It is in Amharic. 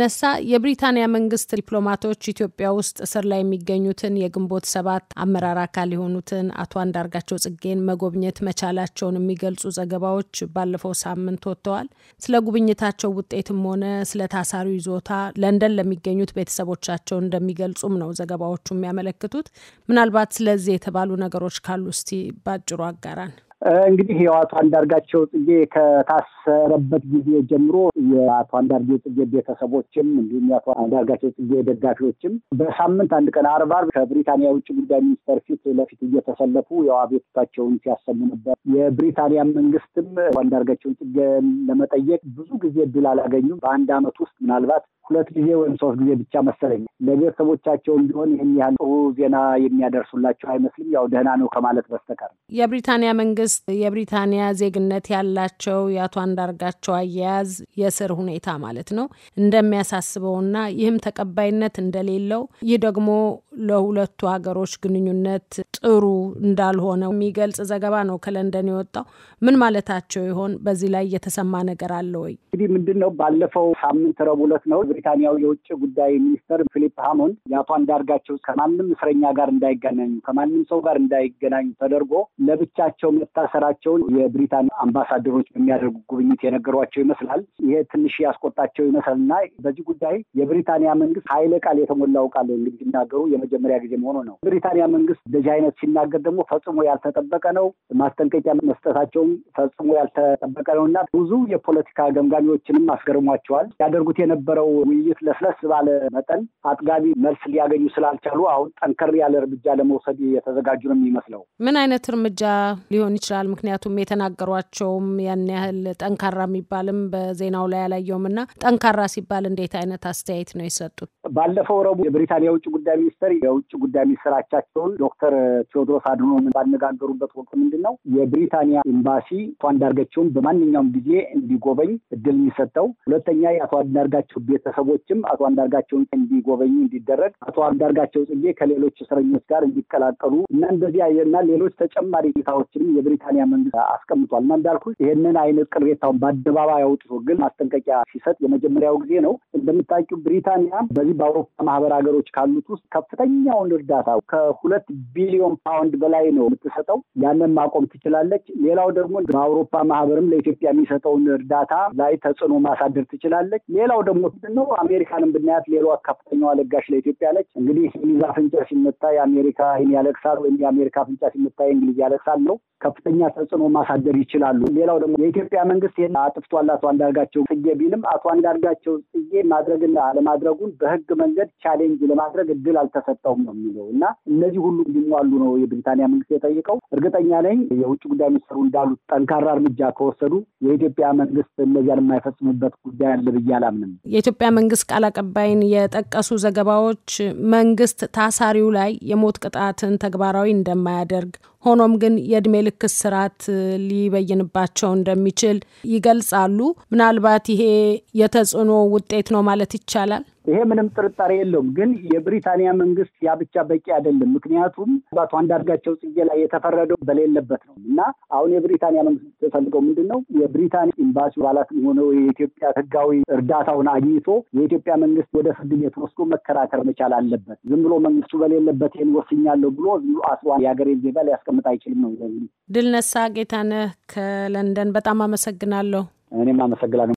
ነሳ የብሪታንያ መንግስት ዲፕሎማቶች ኢትዮጵያ ውስጥ እስር ላይ የሚገኙትን የግንቦት ሰባት አመራር አካል የሆኑትን አቶ አንዳርጋቸው ጽጌን መጎብኘት መቻላቸውን የሚገልጹ ዘገባዎች ባለፈው ሳምንት ወጥተዋል። ስለ ጉብኝታቸው ውጤትም ሆነ ስለ ታሳሪ ይዞታ ለንደን ለሚገኙት ቤተሰቦቻቸው እንደሚገልጹም ነው ዘገባዎቹ የሚያመለክቱት። ምናልባት ስለዚህ የተባሉ ነገሮች ካሉ እስቲ ባጭሩ አጋራን። እንግዲህ ያው አቶ አንዳርጋቸው ጽጌ ከታሰረበት ጊዜ ጀምሮ የአቶ አንዳርጌ ጽጌ ቤተሰቦችም እንዲሁም የአቶ አንዳርጋቸው ጽጌ ደጋፊዎችም በሳምንት አንድ ቀን አርብ አርብ ከብሪታንያ የውጭ ጉዳይ ሚኒስተር ፊት ለፊት እየተሰለፉ ያው አቤቱታቸውን ሲያሰሙ ነበር። የብሪታንያ መንግስትም አንዳርጋቸውን ጽጌን ለመጠየቅ ብዙ ጊዜ እድል አላገኙም። በአንድ አመት ውስጥ ምናልባት ሁለት ጊዜ ወይም ሶስት ጊዜ ብቻ መሰለኝ ለቤተሰቦቻቸውም ቢሆን ይህን ያህል ጥሩ ዜና የሚያደርሱላቸው አይመስልም። ያው ደህና ነው ከማለት በስተቀር የብሪታንያ መንግስት የብሪታንያ ዜግነት ያላቸው የአቶ አንዳርጋቸው አያያዝ የስር ሁኔታ ማለት ነው እንደሚያሳስበውና ይህም ተቀባይነት እንደሌለው ይህ ደግሞ ለሁለቱ ሀገሮች ግንኙነት ጥሩ እንዳልሆነ የሚገልጽ ዘገባ ነው ከለንደን የወጣው። ምን ማለታቸው ይሆን? በዚህ ላይ የተሰማ ነገር አለ ወይ? እንግዲህ ምንድን ነው ባለፈው ሳምንት ረቡዕ ዕለት ነው የብሪታንያው የውጭ ጉዳይ ሚኒስትር ፊሊፕ ሃሞንድ የአቶ አንዳርጋቸው ከማንም እስረኛ ጋር እንዳይገናኙ ከማንም ሰው ጋር እንዳይገናኙ ተደርጎ ለብቻቸው መታሰራቸውን የብሪታንያ አምባሳደሮች በሚያደርጉ ጉብኝት የነገሯቸው ይመስላል። ይሄ ትንሽ ያስቆጣቸው ይመስልና በዚህ ጉዳይ የብሪታንያ መንግስት ኃይለ ቃል የተሞላው ቃል እንግዲህ ሲናገሩ የመጀመሪያ ጊዜ መሆኑ ነው። ብሪታንያ መንግስት እንደዚህ አይነት ሲናገር ደግሞ ፈጽሞ ያልተጠበቀ ነው። ማስጠንቀቂያ መስጠታቸውም ፈጽሞ ያልተጠበቀ ነው እና ብዙ የፖለቲካ ገምጋሚዎችንም አስገርሟቸዋል። ያደርጉት የነበረው ውይይት ለስለስ ባለ መጠን አጥጋቢ መልስ ሊያገኙ ስላልቻሉ አሁን ጠንከር ያለ እርምጃ ለመውሰድ የተዘጋጁ ነው የሚመስለው። ምን አይነት እርምጃ ሊሆን ይችላል? ምክንያቱም የተናገሯቸውም ያን ያህል ጠንካራ የሚባልም በዜናው ላይ ያላየውም እና ጠንካራ ሲባል እንዴት አይነት አስተያየት ነው የሰጡት? ባለፈው ረቡዕ የብሪታንያ የውጭ ጉዳይ ሚኒስትር የውጭ ጉዳይ ሚኒስትራቻቸውን ዶክተር ቴዎድሮስ አድኖ ባነጋገሩበት ወቅት ምንድን ነው የብሪታንያ ኤምባሲ አቶ አንዳርጋቸውን በማንኛውም ጊዜ እንዲጎበኝ እድል የሚሰጠው፣ ሁለተኛ የአቶ አንዳርጋቸው ቤተሰቦችም አቶ አንዳርጋቸውን እንዲጎበኙ እንዲደረግ፣ አቶ አንዳርጋቸው ጽጌ ከሌሎች እስረኞች ጋር እንዲቀላቀሉ እና እንደዚህ እና ሌሎች ተጨማሪ ጌታዎችንም የብሪታንያ መንግስት አስቀምጧል እና እንዳልኩ ይህንን አይነት ቅሬታውን በአደባባይ አውጥቶ ግን ማስጠንቀቂያ ሲሰጥ የመጀመሪያው ጊዜ ነው። እንደምታውቂው ብሪታንያ በዚህ በአውሮፓ ማህበር ሀገሮች ካሉት ውስጥ ከፍተኛውን እርዳታ ከሁለት ቢሊዮን ፓውንድ በላይ ነው የምትሰጠው። ያንን ማቆም ትችላለች። ሌላው ደግሞ በአውሮፓ ማህበርም ለኢትዮጵያ የሚሰጠውን እርዳታ ላይ ተጽዕኖ ማሳደር ትችላለች። ሌላው ደግሞ ምንድነው አሜሪካንም ብናያት ሌላዋ ከፍተኛዋ ለጋሽ ለኢትዮጵያ ነች። እንግዲህ የእንግሊዝ አፍንጫ ሲመታ የአሜሪካ ይህን ያለቅሳል ወይም የአሜሪካ አፍንጫ ሲመታ የእንግሊዝ ያለቅሳል ነው። ከፍተኛ ተጽዕኖ ማሳደር ይችላሉ። ሌላው ደግሞ የኢትዮጵያ መንግስት ይህን አጥፍቷል አቶ አንዳርጋቸው ጽጌ ቢልም አቶ አንዳርጋቸው ጽጌ ማድረግና አለማድረጉን በህግ መንገድ ቻሌንጅ ለማድረግ እድል አልተሰጠውም ነው የሚለው እና እነዚህ ሁሉ እንዲሟሉ ነው የብሪታንያ መንግስት የጠየቀው። እርግጠኛ ነኝ የውጭ ጉዳይ ሚኒስትሩ እንዳሉት ጠንካራ እርምጃ ከወሰዱ የኢትዮጵያ መንግስት እነዚያን የማይፈጽምበት ጉዳይ አለ ብዬ አላምንም። የኢትዮጵያ መንግስት ቃል አቀባይን የጠቀሱ ዘገባዎች መንግስት ታሳሪው ላይ የሞት ቅጣትን ተግባራዊ እንደማያደርግ ሆኖም ግን የእድሜ ልክ እስራት ሊበይንባቸው እንደሚችል ይገልጻሉ። ምናልባት ይሄ የተጽዕኖ ውጤት ነው ማለት ይቻላል። ይሄ ምንም ጥርጣሬ የለውም። ግን የብሪታንያ መንግስት ያ ብቻ በቂ አይደለም። ምክንያቱም አቶ አንዳርጋቸው ጽጌ ላይ የተፈረደው በሌለበት ነው እና አሁን የብሪታንያ መንግስት ተፈልገው ምንድን ነው የብሪታንያ ኤምባሲ አባላት የሆነው የኢትዮጵያ ህጋዊ እርዳታውን አግኝቶ የኢትዮጵያ መንግስት ወደ ፍርድ ቤት ወስዶ መከራከር መቻል አለበት። ዝም ብሎ መንግስቱ በሌለበት ይህን ወስኛለሁ ብሎ አስሯ የሀገሬን ዜጋ ሊያስቀ ሊያስቀምጥ አይችልም ነው። ስለዚህ ድል ነሳ ጌታነህ ከለንደን በጣም አመሰግናለሁ። እኔም አመሰግናለሁ።